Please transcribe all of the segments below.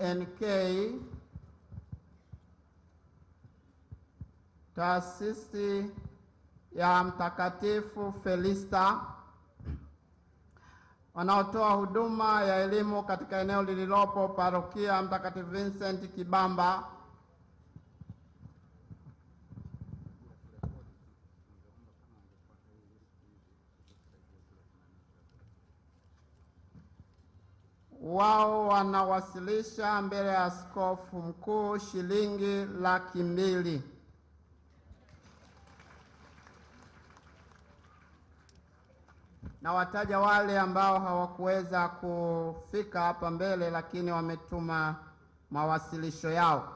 TNK taasisi ya Mtakatifu Felista wanaotoa huduma ya elimu katika eneo lililopo parokia Mtakatifu Vincent Kibamba wao wanawasilisha mbele ya askofu mkuu shilingi laki mbili. Na wataja wale ambao hawakuweza kufika hapa mbele, lakini wametuma mawasilisho yao.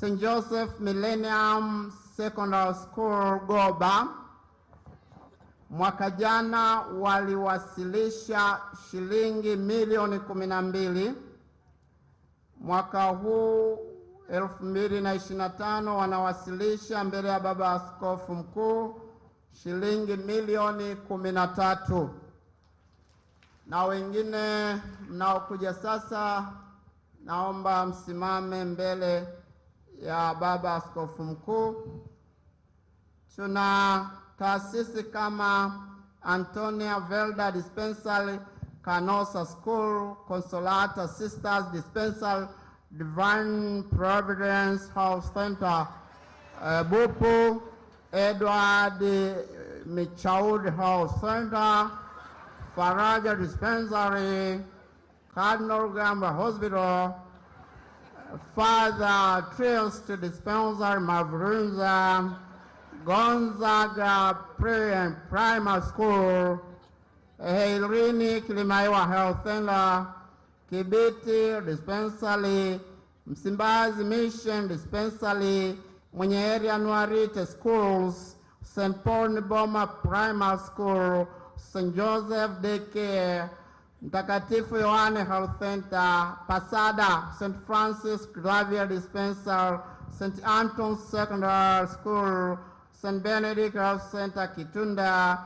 St Joseph Millennium Secondary School Goba mwaka jana waliwasilisha shilingi milioni kumi na mbili. Mwaka huu elfu mbili na ishirini na tano wanawasilisha mbele ya Baba Askofu Mkuu shilingi milioni kumi na tatu na wengine mnaokuja sasa, naomba msimame mbele ya Baba Askofu Mkuu. Tuna taasisi kama Antonia Velda Dispensary, Canosa School, Consolata Sisters Dispensary, Divine Providence House Center, uh, Bupu, Edward eh, Michaud House Center, Faraja Dispensary, Cardinal Gamba Hospital, Father Trails to Dispensary Mavrunza, Gonzaga Primary School, Heirini Kilimaiwa Health Center, Kibiti Dispensary, Msimbazi Mission Dispensary, Mwenyeheri Anuarite Schools, St. Paul Niboma Primary School, St. Joseph Daycare, Mtakatifu Yohane Health Center, Pasada St. Francis Xavier Dispensary, St. Anton Secondary School St Benedict Health Center Kitunda,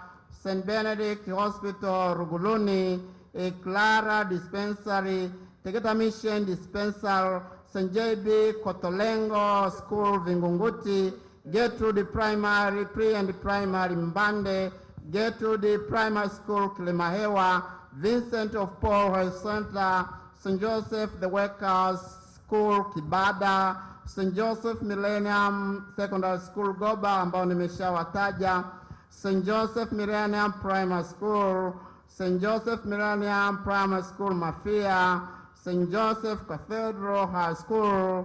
St Benedict Hospital Ruguluni, e Clara Dispensary, Tegeta Mission Dispensary, St JB Kotolengo School Vingunguti, Gertrude Primary Pre and Primary Mbande, Gertrude Primary School Kilimahewa, Vincent of Paul Health Center, St Joseph the Workers School Kibada St. Joseph Millennium Secondary School Goba ambao nimeshawataja, St. Joseph Millennium Primary School, St. Joseph Millennium Primary School Mafia, St. Joseph Cathedral High School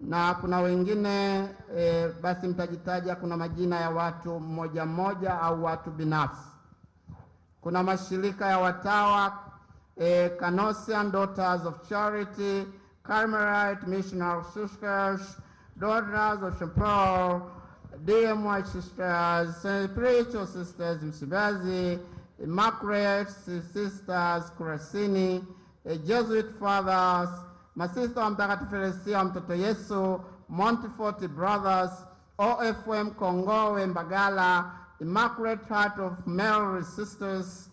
na kuna wengine e, basi mtajitaja. Kuna majina ya watu mmoja mmoja au watu binafsi. Kuna mashirika ya watawa e, eh, Canossian Daughters of Charity Carmelite Mission of Sisters, Daughters of St. Paul, White Sisters, Spiritual Sisters Msibazi, Margaret Sisters Kurasini, Jesuit Fathers, Masista wa Mtakatifu Teresia Yesu, Montfort Brothers, OFM Kongowe Mbagala, Immaculate Heart of Mary Sisters,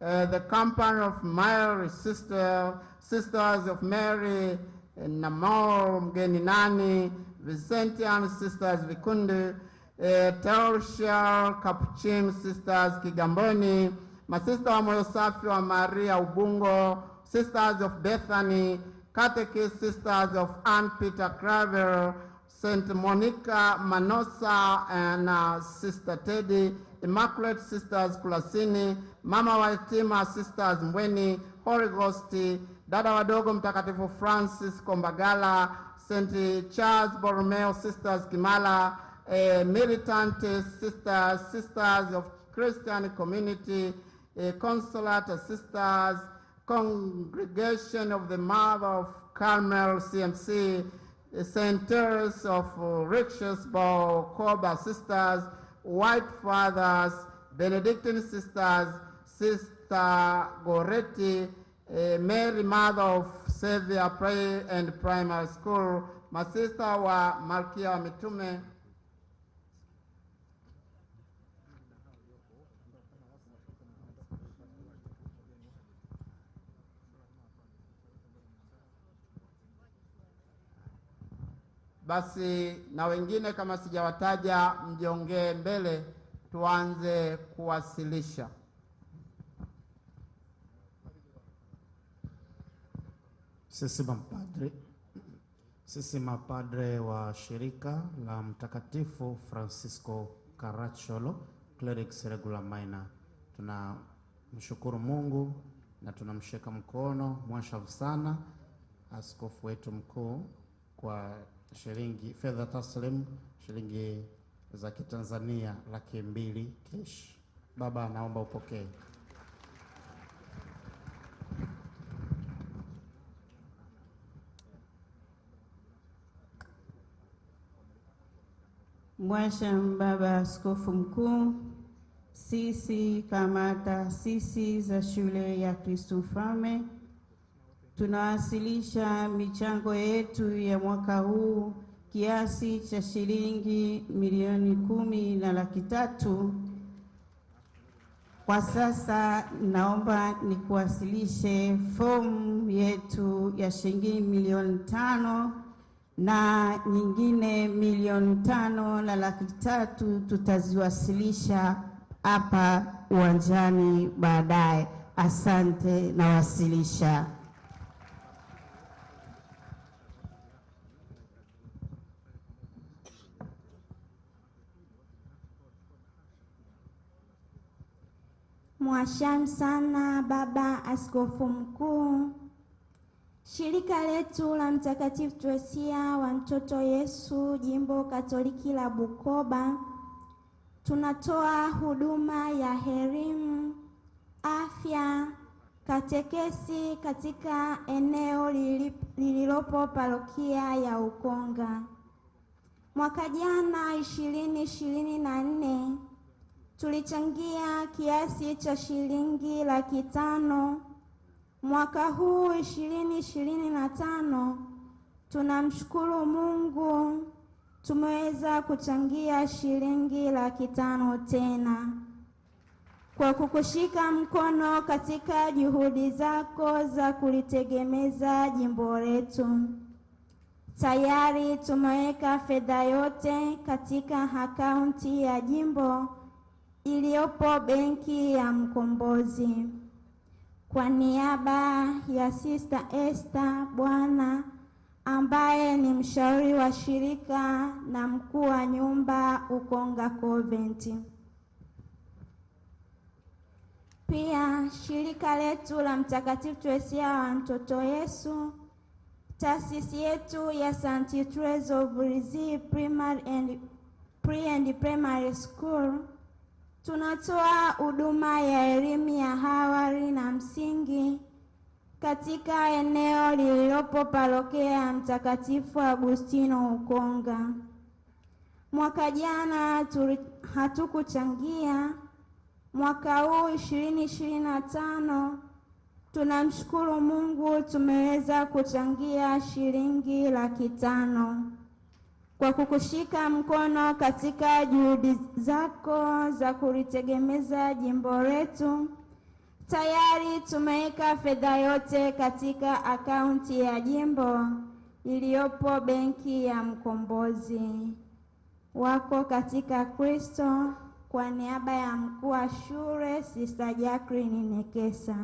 uh, the Company of Mary Sister, Sisters of Mary, Eh, Namoro mgeni nani, Vicentian Sisters Vikundu, e, eh, Tertial Capuchin Sisters Kigamboni, masista wa moyo safi wa Maria Ubungo, Sisters of Bethany, Catechist Sisters of Ann Peter Cravel, St. Monica Manosa and uh, Sister Teddy, Immaculate Sisters Kulasini, Mama Waitima Sisters Mweni, Holy Ghost dada wadogo Mtakatifu Francis Kombagala, St Charles Borromeo Sisters Kimala, eh, militant sisters, sisters of Christian community, eh, consulate sisters, congregation of the Mother of Carmel CMC, eh, of uh, Richesburg, Corba sisters, White Fathers, Benedictine sisters, Sister Goretti, uh, Mary mother of Savior Pray and Primary School, masista wa Malkia wa Mitume basi na wengine kama sijawataja, mjiongee mbele tuanze kuwasilisha. Sisi mapadre, sisi mapadre wa shirika la Mtakatifu Francisco Caracciolo Clerics Regular Minor tunamshukuru Mungu na tunamshika mkono mwashavu sana askofu wetu mkuu kwa shilingi fedha taslim shilingi za Kitanzania laki mbili kesh. Baba, naomba upokee. Mwasha Mbaba Askofu Mkuu, sisi kama taasisi za Shule ya Kristo Mfalme tunawasilisha michango yetu ya mwaka huu kiasi cha shilingi milioni kumi na laki tatu. Kwa sasa naomba nikuwasilishe fomu yetu ya shilingi milioni tano na nyingine milioni tano na laki tatu tutaziwasilisha hapa uwanjani baadaye. Asante, nawasilisha. Mwashamu sana Baba Askofu Mkuu. Shirika letu la Mtakatifu Tresia wa Mtoto Yesu Jimbo Katoliki la Bukoba tunatoa huduma ya herimu, afya, katekesi katika eneo lililopo parokia ya Ukonga. Mwaka jana 2024 tulichangia kiasi cha shilingi laki tano Mwaka huu ishirini ishirini na tano tunamshukuru Mungu tumeweza kuchangia shilingi laki tano tena kwa kukushika mkono katika juhudi zako za kulitegemeza jimbo letu. Tayari tumeweka fedha yote katika akaunti ya jimbo iliyopo benki ya Mkombozi. Kwa niaba ya Sista Esther Bwana ambaye ni mshauri wa shirika na mkuu wa nyumba Ukonga covent Pia shirika letu la Mtakatifu Teresia wa Mtoto Yesu, taasisi yetu ya St. Teresa of Lisieux Primary and Pre and Primary School Tunatoa huduma ya elimu ya awali na msingi katika eneo lililopo parokia ya Mtakatifu Agustino Ukonga. Mwaka jana hatukuchangia, mwaka huu ishirini ishirini na tano tunamshukuru Mungu tumeweza kuchangia shilingi laki tano kwa kukushika mkono katika juhudi zako za kulitegemeza jimbo letu. Tayari tumeweka fedha yote katika akaunti ya jimbo iliyopo benki ya Mkombozi wako katika Kristo. Kwa niaba ya mkuu wa shule Sister Jacqueline Nekesa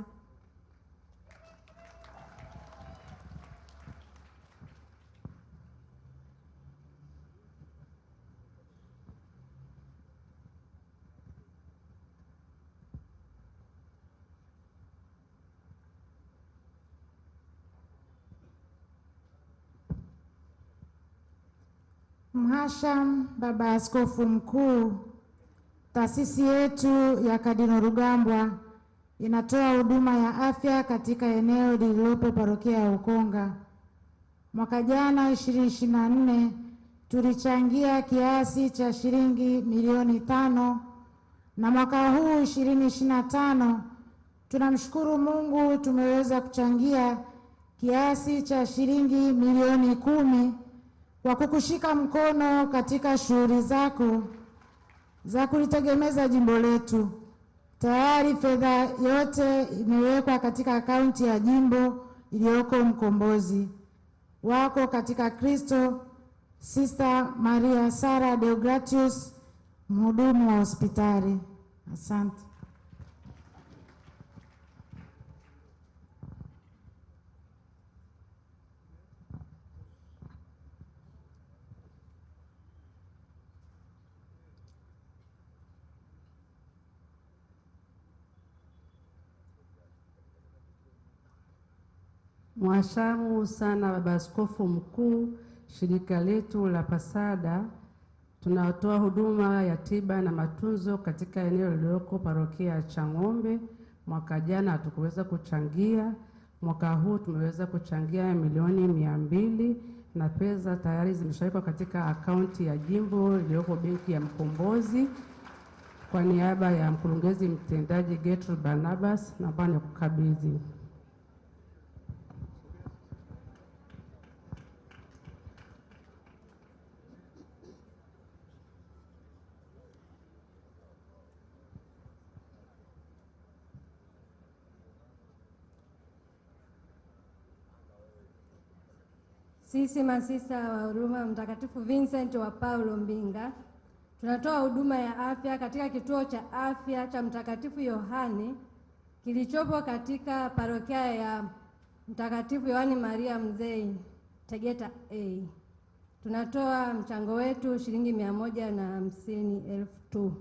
mhasham Baba Askofu Mkuu, taasisi yetu ya Kardinali Rugambwa inatoa huduma ya afya katika eneo lililopo parokia ya Ukonga. Mwaka jana 2024 tulichangia kiasi cha shilingi milioni tano na mwaka huu 2025 tunamshukuru Mungu tumeweza kuchangia kiasi cha shilingi milioni kumi kwa kukushika mkono katika shughuli zako za kulitegemeza jimbo letu. Tayari fedha yote imewekwa katika akaunti ya jimbo iliyoko Mkombozi. Wako katika Kristo, Sister Maria Sara Deogratius, mhudumu wa hospitali. Asante. Mwashamu sana Baba Askofu Mkuu, shirika letu la Pasada tunatoa huduma ya tiba na matunzo katika eneo lililoko parokia ya Chang'ombe. Mwaka jana hatukuweza kuchangia, mwaka huu tumeweza kuchangia milioni mia mbili na pesa tayari zimeshawekwa katika akaunti ya jimbo iliyoko benki ya Mkombozi. Kwa niaba ya mkurugenzi mtendaji Gertrude Barnabas, naomba nikukabidhi. Sisi masista wa huduma Mtakatifu Vincent wa Paulo Mbinga tunatoa huduma ya afya katika kituo cha afya cha Mtakatifu Yohani kilichopo katika parokia ya Mtakatifu Yohani Maria Mzee Tegeta A. Tunatoa mchango wetu shilingi mia moja na hamsini elfu tu.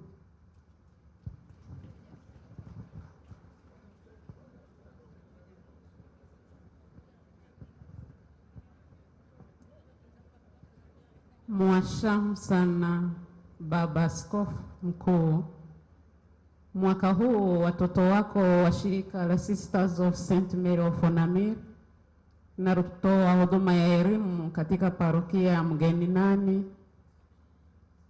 Mwashamu sana Baba Askofu Mkuu, mwaka huu watoto wako wa shirika la Sisters of St Mary of Onamiri na kutoa huduma ya elimu katika parokia ya Mgeni Nani.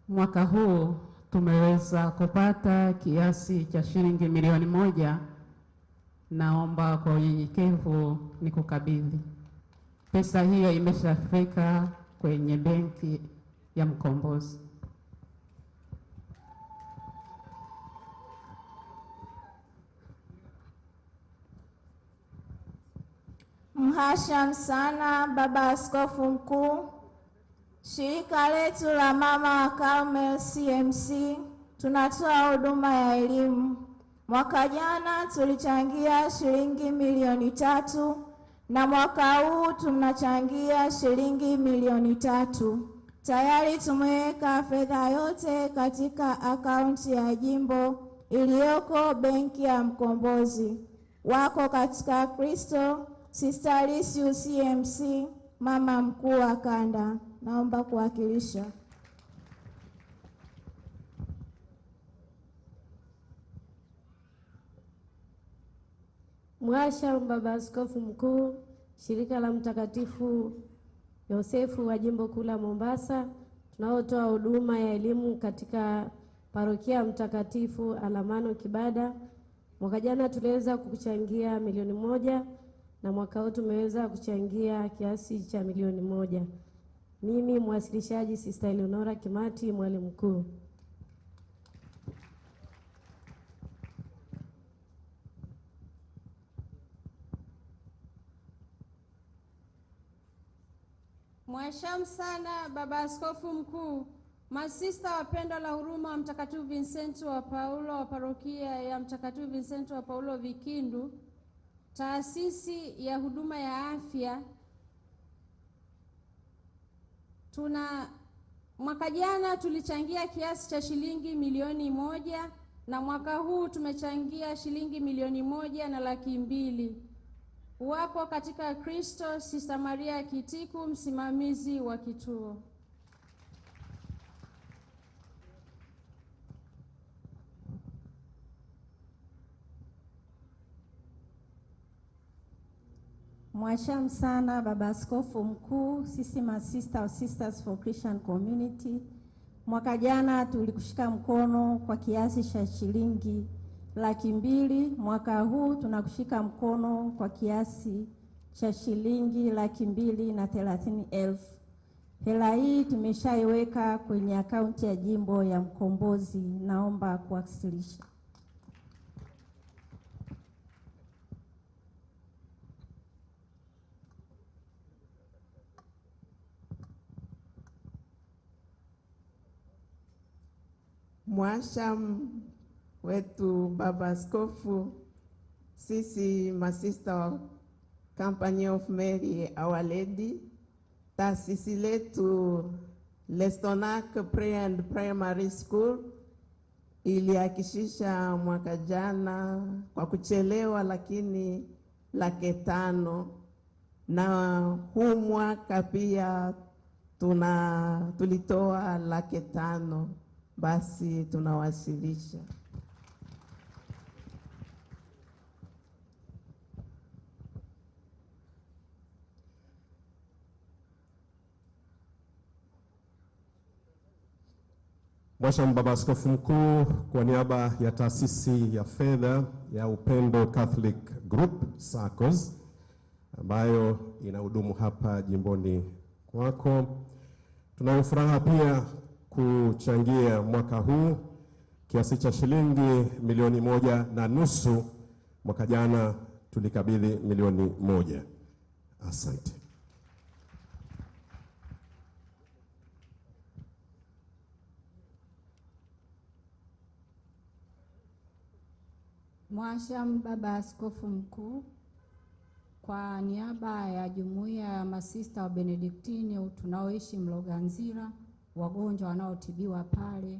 Mwaka huu tumeweza kupata kiasi cha shilingi milioni moja. Naomba kwa unyenyekevu nikukabidhi pesa hiyo, imeshafika kwenye benki ya Mkombozi. Mhasham sana Baba Askofu Mkuu, shirika letu la Mama wa Karmel CMC tunatoa huduma ya elimu. Mwaka jana tulichangia shilingi milioni tatu na mwaka huu tunachangia shilingi milioni tatu. Tayari tumeweka fedha yote katika akaunti ya jimbo iliyoko benki ya Mkombozi. Wako katika Kristo, Sister Lisiu UCMC, mama mkuu wa kanda. Naomba kuwakilisha Mwasha Baba Askofu Mkuu, shirika la Mtakatifu Yosefu wa Jimbo Kuu la Mombasa, tunaotoa huduma ya elimu katika parokia Mtakatifu Alamano Kibada. Mwaka jana tuliweza kuchangia milioni moja na mwaka huu tumeweza kuchangia kiasi cha milioni moja. Mimi mwasilishaji Sista Eleonora Kimati, mwalimu mkuu. Nashamu sana Baba Askofu Mkuu, masista wapendwa la huruma wa Mtakatifu Vincent wa Paulo wa parokia ya Mtakatifu Vincent wa Paulo Vikindu, taasisi ya huduma ya afya. Tuna mwaka jana tulichangia kiasi cha shilingi milioni moja na mwaka huu tumechangia shilingi milioni moja na laki mbili. Uwapo katika Kristo. Sista Maria Kitiku, msimamizi wa kituo. Mwasham sana Baba Askofu Mkuu, sisi sister of Sisters for Christian Community, mwaka jana tulikushika mkono kwa kiasi cha shilingi laki mbili mwaka huu tunakushika mkono kwa kiasi cha shilingi laki mbili na thelathini elfu. Hela hii tumeshaiweka kwenye akaunti ya jimbo ya Mkombozi. Naomba kuwasilisha. Mwasham wetu Baba Askofu, sisi masista wa Company of Mary Our Lady, taasisi letu Lestonac Pre and Primary School iliakishisha mwaka jana kwa kuchelewa, lakini laki tano na huu mwaka pia tuna tulitoa laki tano. Basi tunawasilisha Mhashamu Baba Askofu Mkuu, kwa niaba ya taasisi ya fedha ya Upendo Catholic Group SACCOS ambayo inahudumu hapa jimboni kwako, tunayo furaha pia kuchangia mwaka huu kiasi cha shilingi milioni moja na nusu. Mwaka jana tulikabidhi milioni moja. Asante. mwasham Baba Askofu Mkuu, kwa niaba ya jumuiya ya masista wa Benediktini tunaoishi Mloganzila, wagonjwa wanaotibiwa pale,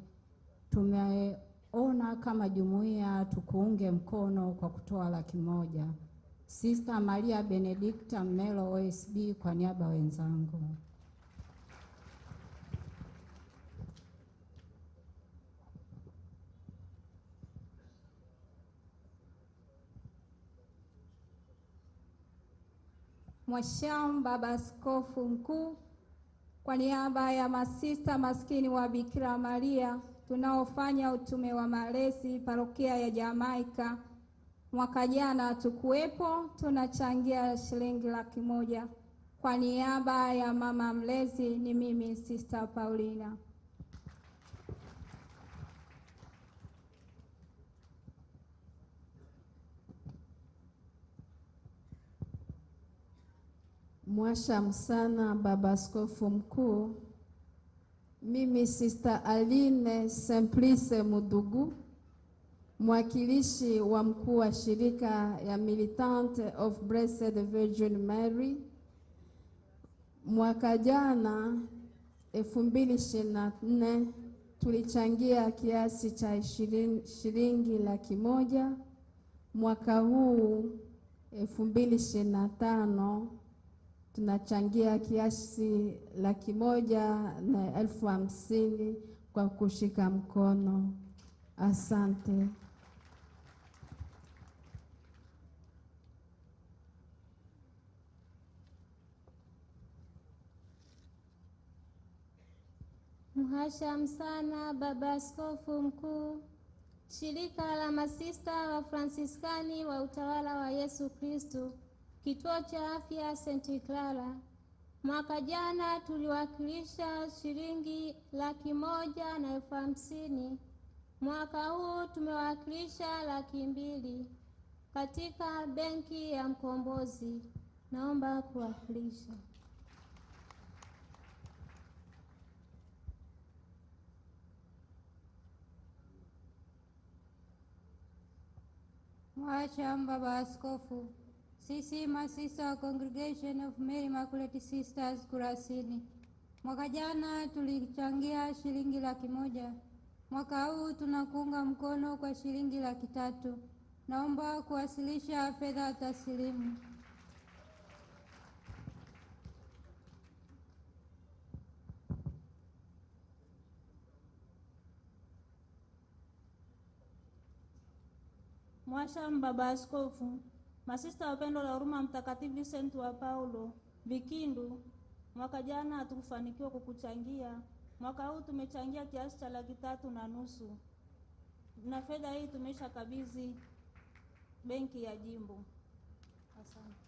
tumeona kama jumuiya tukuunge mkono kwa kutoa laki moja. Sista Maria Benedikta Mmelo OSB, kwa niaba wenzangu Mwashamu Baba Askofu Mkuu, kwa niaba ya masista maskini wa Bikira Maria tunaofanya utume wa malezi parokia ya Jamaika, mwaka jana tukuwepo, tunachangia shilingi laki moja. Kwa niaba ya mama mlezi ni mimi Sister Paulina. Mwasha sana Baba Askofu Mkuu, mimi Sister Aline Simplice Mudugu, mwakilishi wa mkuu wa shirika ya Militant of Blessed Virgin Mary. Mwaka jana 2024 tulichangia kiasi cha shilingi laki moja. Mwaka huu 2025 tunachangia kiasi laki moja na elfu hamsini kwa kushika mkono. Asante. Mhasham sana Baba Askofu Mkuu, shirika la masista wa Fransiskani wa utawala wa Yesu Kristu kituo cha afya St. Clara. Mwaka jana tuliwakilisha shilingi laki moja na elfu hamsini. Mwaka huu tumewakilisha laki mbili katika benki ya Mkombozi. Naomba kuwakilisha. Mwachamba Baba Askofu, sisi Sister wa Congregation of Mary Immaculate Sisters Kurasini, mwaka jana tulichangia shilingi laki moja. Mwaka huu tunakuunga mkono kwa shilingi laki tatu. Naomba kuwasilisha fedha taslimu. Mwasham Baba Askofu, Masista wa Pendo la Huruma Mtakatifu Vincent wa Paulo Vikindu, mwaka jana hatukufanikiwa kukuchangia. Mwaka huu tumechangia kiasi cha laki tatu na nusu na fedha hii tumesha kabidhi benki ya jimbo. Asante.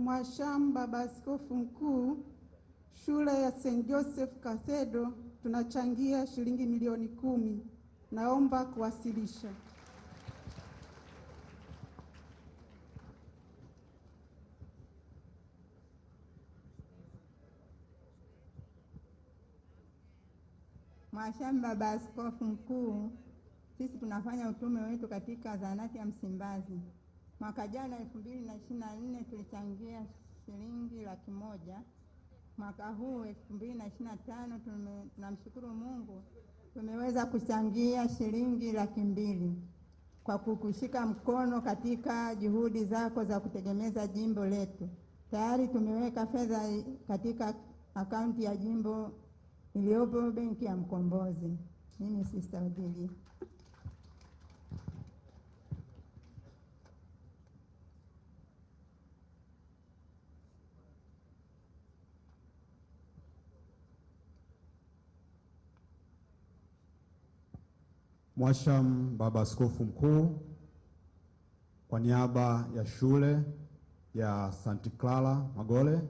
Mwashamu, Baba Askofu Mkuu, shule ya St. Joseph Cathedral tunachangia shilingi milioni kumi. Naomba kuwasilisha. Mwashamu, Baba Askofu Mkuu, sisi tunafanya utume wetu katika zahanati ya Msimbazi. Mwaka jana elfu mbili na ishirini na nne tulichangia shilingi laki moja. Mwaka huu elfu mbili na ishirini na tano tunamshukuru Mungu tumeweza kuchangia shilingi laki mbili kwa kukushika mkono katika juhudi zako za kutegemeza jimbo letu. Tayari tumeweka fedha katika akaunti ya jimbo iliyopo benki ya Mkombozi. Mimi Sista Odili Mwasham, Baba Askofu Mkuu, kwa niaba ya shule ya St. Clara Magole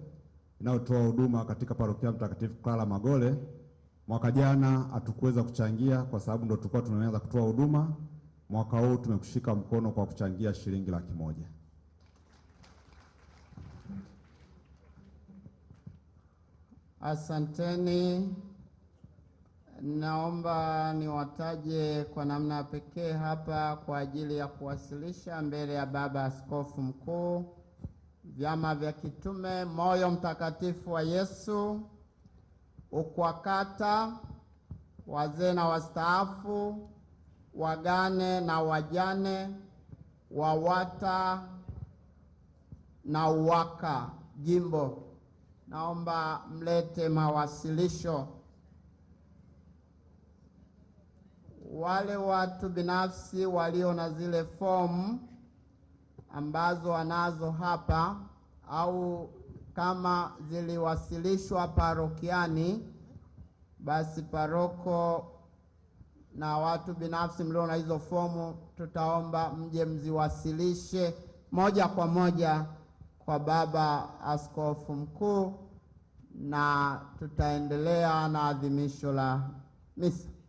inayotoa huduma katika parokia Mtakatifu Clara Magole, mwaka jana hatukuweza kuchangia kwa sababu ndo tulikuwa tunaanza kutoa huduma. Mwaka huu tumekushika mkono kwa kuchangia shilingi laki moja. Asanteni. Naomba niwataje kwa namna pekee hapa kwa ajili ya kuwasilisha mbele ya Baba Askofu Mkuu vyama vya kitume Moyo Mtakatifu wa Yesu, UKWAKATA, wazee na wastaafu, wagane na wajane, WAWATA na UWAKA jimbo. Naomba mlete mawasilisho. wale watu binafsi walio na zile fomu ambazo wanazo hapa au kama ziliwasilishwa parokiani, basi paroko na watu binafsi mlio na hizo fomu, tutaomba mje mziwasilishe moja kwa moja kwa Baba Askofu Mkuu, na tutaendelea na adhimisho la misa.